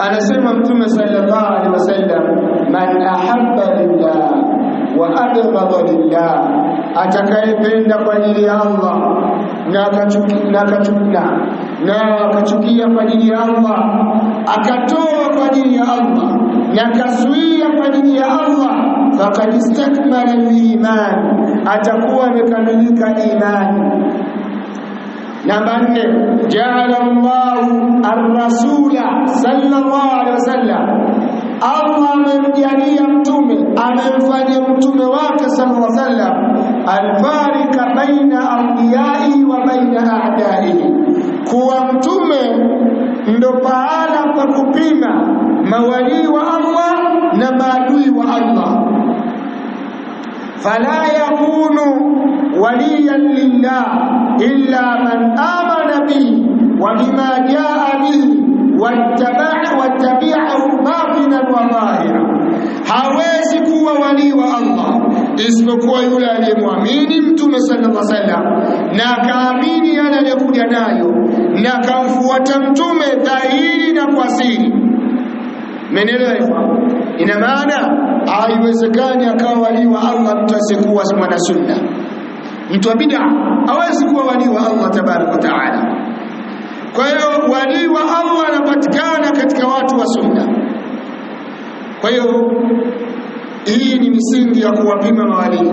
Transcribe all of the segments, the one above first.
Anasema Mtume sallallahu alaihi wasallam, man ahabba lillah wa abghadha lillah, atakayependa kwa ajili ya Allah na akachukia kwa ajili ya Allah, akatoa kwa ajili ya Allah na akasuia kwa ajili ya Allah, faqad istakmala liman, atakuwa amekamilika imani Namba nne, jaala llahu arrasula sallallahu alaihi wasallam, Allah amemjalia mtume, amemfanya mtume wake sallallahu alaihi wasallam alfarika baina awliyai wa baina a'daihi, kuwa mtume ndo pahala pa kupima mawalii wa fala yakunu waliyan lillah illa man amana bihi wa bima jaa bihi watabiahu batinan wa dhahira, hawezi kuwa walii wa Allah isipokuwa yule aliyemwamini Mtume sallallahu alaihi wasallam na akaamini yale aliyokuja nayo na akamfuata Mtume dhahiri na kwa siri. Mmenielewa? Ina maana haiwezekani akawa wali wa Allah mtu asiyekuwa mwana sunna. Mtu wa bid'a hawezi kuwa wali wa Allah tabaraka taala. Kwa hiyo wali wa Allah anapatikana katika watu wa sunna. Kwa hiyo hii ni misingi ya kuwapima mawalii.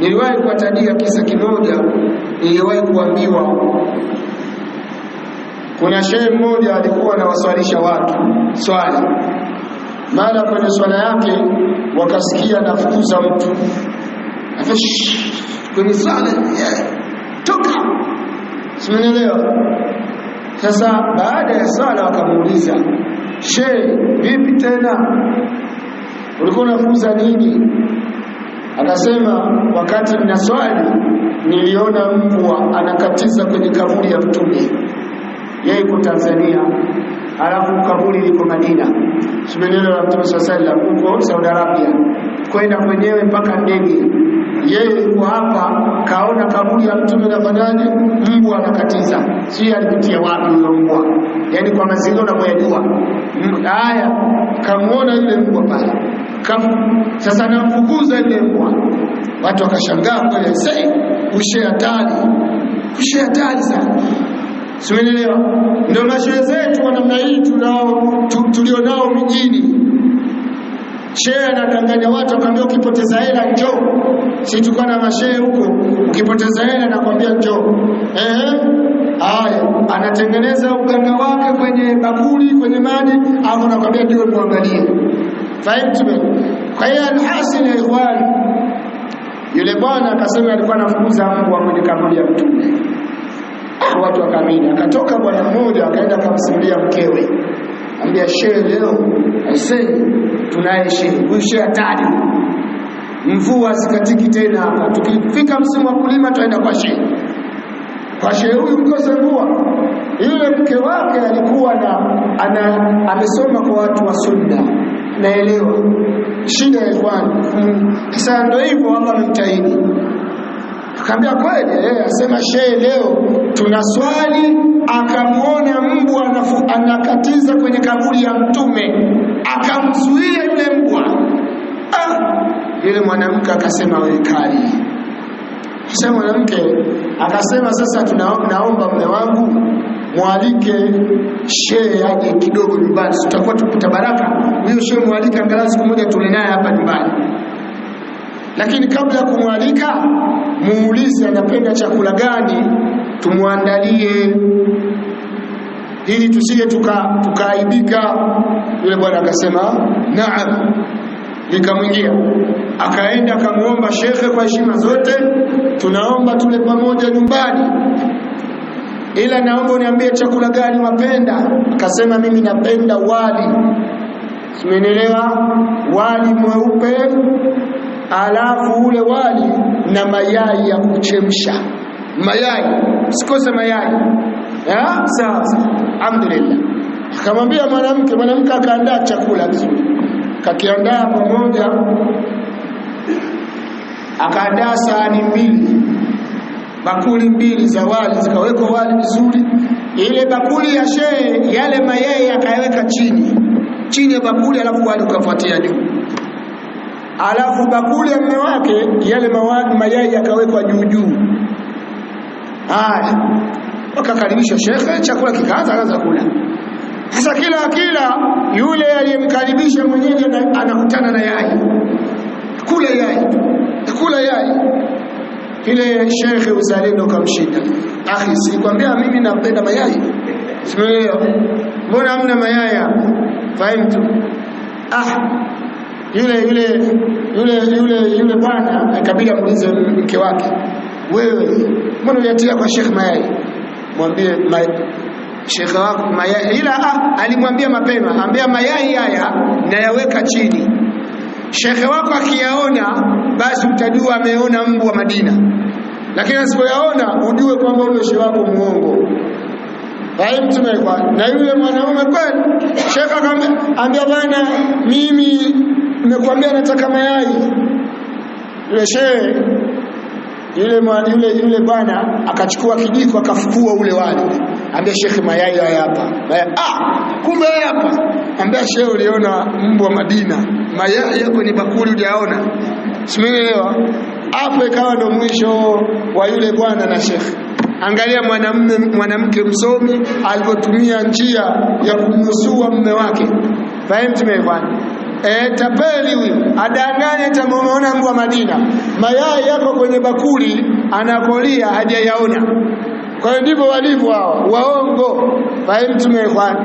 Niliwahi kuwatadia kisa kimoja, niliwahi kuambiwa kuna shehe mmoja alikuwa anawaswalisha watu swali mara kwenye swala yake wakasikia nafukuza mtu kwenye swala yeah. toka simenelewa sasa baada ya swala wakamuuliza she vipi tena ulikuwa unafukuza nini akasema wakati mna swali niliona mbwa anakatiza kwenye kaburi ya mtume yeye iko Tanzania alafu kaburi liko Madina, neno la Mtume sallam huko Saudi Arabia, kwenda mwenyewe mpaka ndege. Yeye yuko hapa, kaona kaburi ya Mtume nafanyaje, mbwa anakatiza, si alipitia wapi huyo mbwa? Yani kwa mazingira unavyojua mm, haya, kamuona ile mbwa pale sasa namfukuza ile mbwa. Watu wakashangaa kweli, ushe hatari, ushe hatari sana simenelewa. Ndio mashehe zetu wa namna hii tulio nao mijini. Shehe anadanganya watu, akaambia ukipoteza hela njoo. Si na mashehe huko, ukipoteza hela nakwambia njoo. Ehe, haya, anatengeneza uganga wake kwenye bakuli, kwenye maji, au nakwambia ndio muangalie. Fahamtume. Kwa hiyo alhasil ya ikhwan, yule bwana akasema alikuwa anafukuza mbwa kwenye kaburi ya Mtume watu wakaamini. Akatoka bwana mmoja akaenda akamsimulia mkewe, ambia shehe, leo aisee, tunaye shehe huyu, shehe hatari, mvua zikatiki tena hapa, tukifika msimu wa kulima tuenda kwa shehe, kwa shehe huyu mkose mvua. Yule mke wake alikuwa na ana amesoma kwa watu wa sunna, naelewa shida ya kwani. Mm, sasa ndio hivyo, Allah amemtahini Tukaambia kweli eh, asema shehe, leo tuna swali, akamwona mbwa anakatiza kwenye kaburi ya Mtume, akamzuia yule mbwa. Ah, yule mwanamke akasema wewe kali. Kisha mwanamke akasema, sasa tunaomba mume wangu mwalike shehe aje kidogo nyumbani, tutakuwa tukuta baraka. Huyo shehe mwalike angalau siku moja tule naye hapa nyumbani. Lakini kabla ya kumwalika muulize anapenda chakula gani, tumwandalie ili tusije tukaaibika. Tuka yule bwana akasema naam, nikamwingia akaenda akamwomba shekhe kwa heshima zote, tunaomba tule pamoja nyumbani, ila naomba uniambie chakula gani wapenda. Akasema mimi napenda wali, simenielewa, wali mweupe alafu ule wali na mayai ya kuchemsha mayai, sikose mayai. Sawa, alhamdulillah. Akamwambia mwanamke, mwanamke akaandaa chakula kizuri, kakiandaa pamoja, akaandaa sahani mbili, bakuli mbili za wali, zikawekwa wali vizuri. Ile bakuli ya shehe, yale mayai akayaweka chini chini ya bakuli, alafu wali ukafuatia juu alafu bakuli ya mume wake yale mayai yakawekwa juu juu. Haya, wakakaribisha shekhe, chakula kikaanza, akaanza kula. Sasa kila kila yule aliyemkaribisha mwenyeji anakutana na yai, kula yai, kula yai. Ile shekhe uzalendo kamshinda, akhi, sikwambia mimi napenda mayai, simeelewa mbona hamna mayai? Fahimu tu ah yule yule yule yule yule bwana akabidi amuulize mke wake, wewe mbona uliatia kwa Sheikh mayai? Mwambie ma, Sheikh wako mayai, ila ah, alimwambia mapema, ambia mayai haya nayaweka chini. Sheikh wako akiyaona, basi utajua ameona mbu wa Madina, lakini asipoyaona ujue kwamba ule Sheikh wako muongo kwa na yule mwanaume kweli. Sheikh akamwambia bwana, mimi Nimekwambia nataka mayai. Yule shehe yule yule yule bwana akachukua kijiko akafukua ule wali. Ambia shekhe, mayai haya hapa. Ah, kumbe hapa. Ambia shehe, uliona mbwa Madina, mayai yako ni bakuli hujaona. Simenielewa? Hapo ikawa ndo mwisho wa yule bwana na shekhe. Angalia mwanamume mwanamke msomi alipotumia njia ya kumnusua mume wake. Fahamu tumeivana E, tapeli huyu adanganya, hata mbwa Madina, mayai yako kwenye bakuli, anakolia hajayaona. Kwa hiyo ndivyo walivyo hao waongo. Fahimu tumekwani